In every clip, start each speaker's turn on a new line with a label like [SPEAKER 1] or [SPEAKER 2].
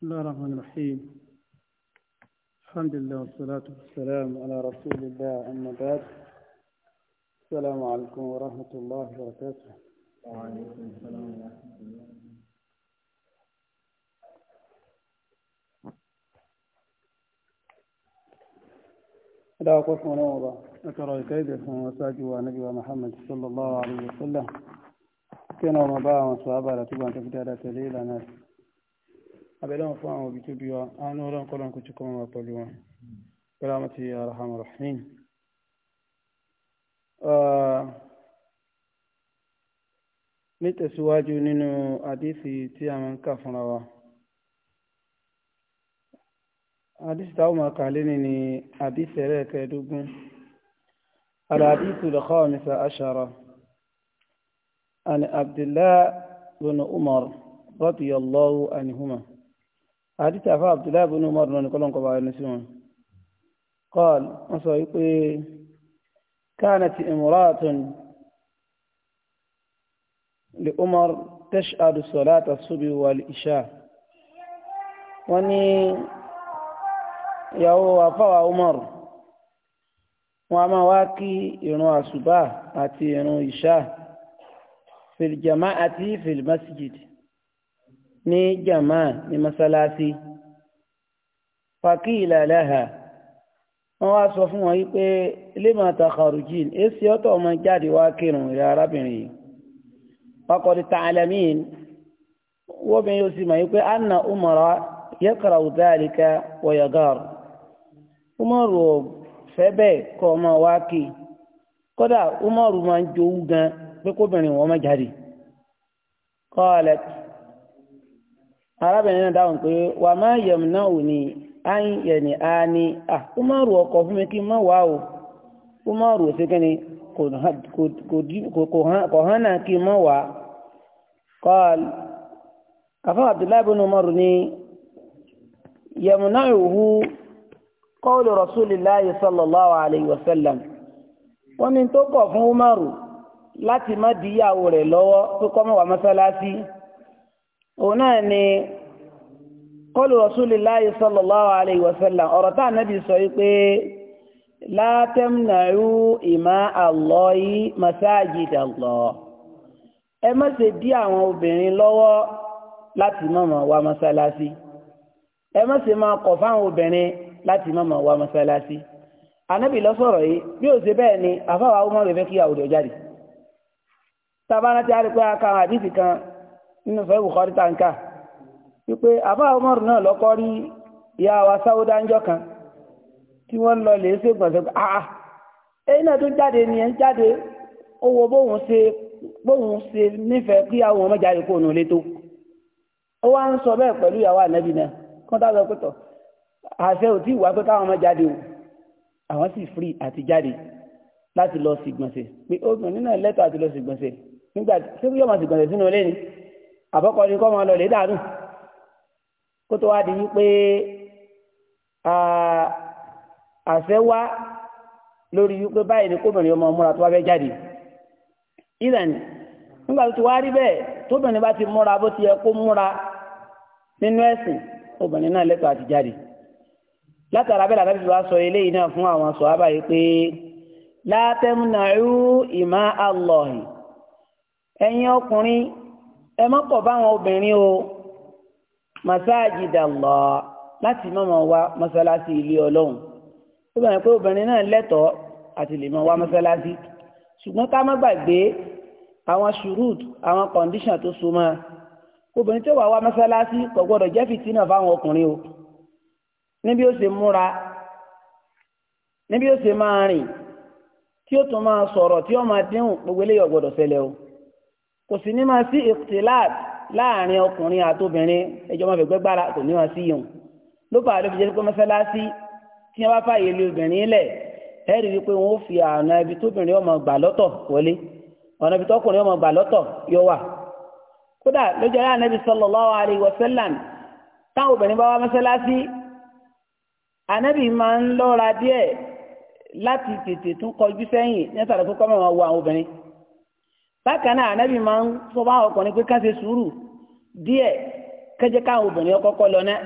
[SPEAKER 1] بسم الله الرحمن الرحيم الحمد لله والصلاة والسلام على رسول الله أما بعد السلام عليكم ورحمة الله وبركاته وعليكم السلام ورحمة الله لا أقف منوضة ذكر الكيد من وساج ونبي محمد صلى الله عليه وسلم كنا مباعا وصحابة لا تبعا تفتح لا ناس abẹ́lẹ́wọ̀n fún àwọn òbí tó bí wa àánú ọlọ́run kọ́lọ́n kò tí kọ́ wọn pẹ̀lú wọn pẹ̀lú àwọn ti arahama rahim nítẹ̀síwájú nínú àdísì tí a máa ń kà fúnra wa àdísì táwọn máa kà lé ní àdísì ẹlẹ́ẹ̀kẹ́ẹ̀dógún الحديث الخامس عشر عن عبد الله بن عمر رضي الله عنهما àdìtì àfa abdullahi ibn umar náà ní kọ́lọ́n kọ́ bá ẹni sí wọn. kọ́ọ̀l wọ́n sọ wípé káànàtì imra'atun li umar tash'adu salata subi wal isha. wọ́n ní ìyàwó àfáwà umar wọn a máa wá kí ìrun àṣùbà àti ìrun ìṣá fil jama'ati fil ni jàmá
[SPEAKER 2] ní mọ́sálásí fàkíìlà láhà wọ́n wá sọ fún wọn yí pé lima takharujin èsì ọ̀tọ̀ ọmọ jáde wá kírun ìrẹ arábìnrin yìí fakọ̀dì tààlàmín wọ́bìn yóò sì mọ̀ yí pé anna umara wayagar umaru fẹ́ kọ́ ọmọ wá kí umaru máa ń jowú gan pé kóbìnrin wọn má jáde arábìnrin náà dáhùn pé wà má yẹ̀m náà ò ní áyín yẹ̀ni á ní à ó má rò ọkọ̀ fún mi kí n má wà o ó má rò sí kíni kò hàn náà kí n má wà. kọ́ọ̀lù afọ́ abdullahi bin umar ní yẹ̀m náà ìhú kọ́ọ̀lù rasulillahi sallallahu alayhi wa sallam wọ́n ní tó kọ̀ fún umaru láti má di ìyàwó rẹ̀ lọ́wọ́ pé kọ́mọ̀wá mọ́sálásí. ona ni qalu rasulillahi sallallahu alayhi wa sallam orata nabi so pe la tamna'u ima allahi masajid allah e ma se di awon obirin lowo lati mama wa masalasi e ma se ma ko fa awon obirin lati mama wa masalasi anabi lo soro yi bi o se be ni afa wa umar ibeki awo de jari tabana ti ari pe aka hadisi kan nínú fẹ́ Bukhari tanka wípé àbá Umar náà lọ́kọ́ rí ìyá wa sáwọ́dá ń jọ kan tí wọ́n lọ lè ṣe gbọ̀nsẹ̀ pé àà ẹ̀yin náà tó jáde ni ẹ̀ ń jáde ó wo bóun ṣe bóun ṣe nífẹ̀ẹ́ kí àwọn ọmọ jáde kó nù létò ó wá ń sọ bẹ́ẹ̀ pẹ̀lú ìyàwó ànábì náà kó tá lọ pẹ̀tọ̀ àṣẹ ò tí ìwà pé káwọn ọmọ jáde o àwọn sì free àti jáde láti lọ sí gbọ̀nsẹ̀ pé obìnrin náà lẹ́tọ̀ àti lọ sí gbọ̀nsẹ̀ nígbà tí ó yọ̀ àbọ́kọ ni kọ́ máa lọ lè dànù kó tó wá di wípé àṣẹ wá lórí wípé báyìí ni kóbìnrin ọmọ múra tó wá fẹ́ jáde ìlànà nígbà tó ti wá rí bẹ́ẹ̀ tóbìnrin bá ti múra bó ti yẹ kó múra nínú ẹ̀sìn obìnrin náà lẹ́tọ̀ọ́ àti jáde látara bẹ́ẹ̀ làbẹ́bí wa sọ eléyìí náà fún àwọn sọ̀hábà yìí pé látẹ́múnàrú ìmá àlọ́hìn ẹ̀yin ọkùnrin ẹ má pọ̀ báwọn obìnrin o masajidallah láti má máa wá mọ́sálásí ilé ọlọ́run ó bẹ̀rẹ̀ pé obìnrin náà lẹ́tọ̀ọ́ àti lè máa wá mọ́sálásí ṣùgbọ́n ká má gbàgbé àwọn ṣùrùt àwọn kọ̀ǹdíṣàn tó so mọ́ obìnrin tó wà wá mọ́sálásí kò gbọ́dọ̀ jẹ́ fìtínà fáwọn ọkùnrin o níbi ó ṣe múra níbi ó ṣe máa rìn tí ó tún máa sọ̀rọ̀ tí ó máa dín o kò sì ní máa sí ìtìláàd láàrin ọkùnrin àtobìnrin ẹjọ́ máa fẹ̀gbẹ́ gbára kò ní máa sí yòun ló bá àlọ́ fi jẹ́ pé mọ́sálásí tí wọ́n bá fààyè lé obìnrin lẹ̀ ẹ rí i pé wọ́n fi ọ̀nà ibi tóbìnrin ọmọ gbà lọ́tọ̀ wọlé ọ̀nà ibi tọkùnrin ọmọ gbà lọ́tọ̀ yọ wà kódà ló jẹ́ láàrin Ànábì sallallahu alaihi wasallam táwọn obìnrin bá wá mọ́sálásí Ànábì máa ń lọ́ra díẹ̀ láti tètè tún kọjú sẹ́yìn ní tó kọ́ mọ́ àwọn obìnrin bákan na anabi máa ń sọ fún àwọn ọkùnrin pé ká ṣe sùúrù díẹ̀ kẹjẹ káwọn obìnrin lọ náà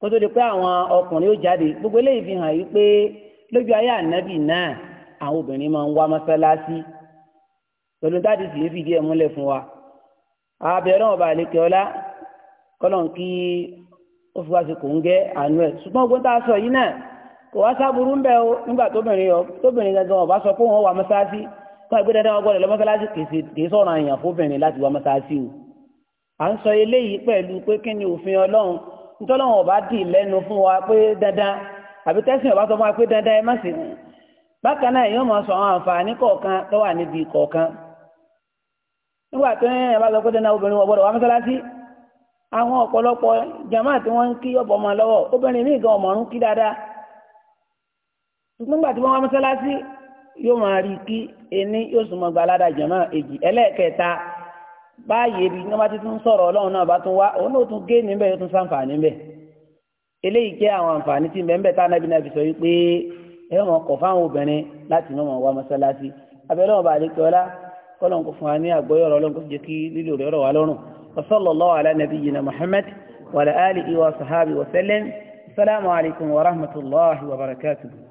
[SPEAKER 2] kó tó di pé àwọn gbogbo eléyìí fi hàn yìí pé lójú ayé anabi náà àwọn obìnrin máa ń wá mọ́sálásí pẹ̀lú sì fìdí ẹ̀ múlẹ̀ fún wa abẹ́rẹ́ ọba àlekè ọlá kọ́nà kí ó fi wá sí kò ń gẹ́ àánú ẹ̀ ṣùgbọ́n ogun tá a sọ yìí náà kò wá sábúrú ń o nígbà tóbìnrin ọba sọ pé wà kọ́ ẹgbẹ́ dandan ọgbọ́dọ̀ lọ mọ́sálásí kìí sọ̀rọ̀ àyàn fóbìnrin láti wá mọ́sálásí o à ń sọ eléyìí pẹ̀lú pé kí ni òfin ọlọ́run nítọ́lọ́run ọba dì lẹ́nu fún wa pé dandan àbí tẹ́sán ọba sọ fún wa pé dandan ẹ má sì ń bákan náà máa sọ àwọn àǹfààní kọ̀ọ̀kan tó wà níbi kọ̀ọ̀kan sọ pé dandan obìnrin gbọ́dọ̀ wá yóò máa rí kí ení yóò sì eji gbalada jẹmọ èjì ẹlẹ́ẹ̀kẹta báyìí ebi ní wọn bá ti tún sọ̀rọ̀ Ọlọ́run náà bá tún wá òun náà tún gé níbẹ̀ yóò tún sàǹfààní níbẹ̀ eléyìí jẹ àwọn àǹfààní tí mẹmbẹ tá nàbí nàbí sọ wípé ẹ wọn kọ fáwọn obìnrin láti mọ wọn wá mọ́sálásí abẹlẹ bá lè kí ọlá kò fún wa ní wa Muhammad wa